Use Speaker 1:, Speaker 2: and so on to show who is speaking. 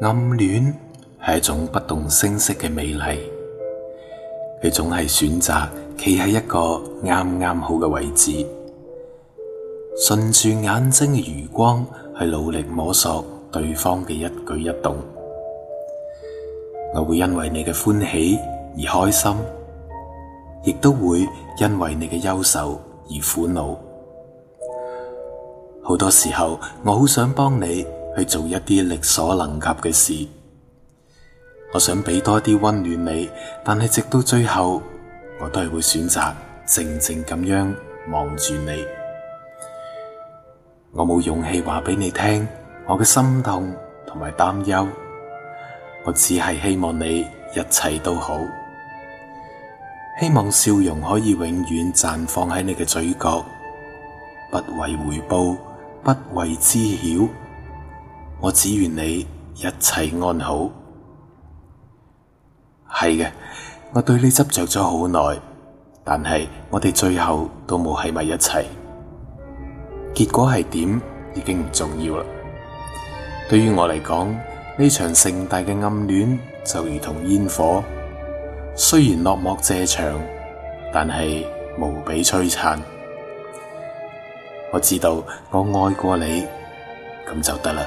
Speaker 1: 暗戀係一種不動聲色嘅美麗，佢總係選擇企喺一個啱啱好嘅位置，順住眼睛嘅餘光去努力摸索對方嘅一舉一動。我會因為你嘅歡喜而開心，亦都會因為你嘅優秀而苦惱。好多時候，我好想幫你去做一啲力所能及嘅事，我想畀多啲溫暖你，但係直到最後，我都係會選擇靜靜咁樣望住你。我冇勇氣話畀你聽我嘅心痛同埋擔憂，我只係希望你一切都好，希望笑容可以永遠綻放喺你嘅嘴角，不為回報。不為知曉，我只願你一切安好。係嘅，我對你執着咗好耐，但係我哋最後都冇喺埋一齊。結果係點已經唔重要啦。對於我嚟講，呢場盛大嘅暗戀就如同煙火，雖然落幕謝場，但係無比璀璨。我知道我愛過你，咁就得啦。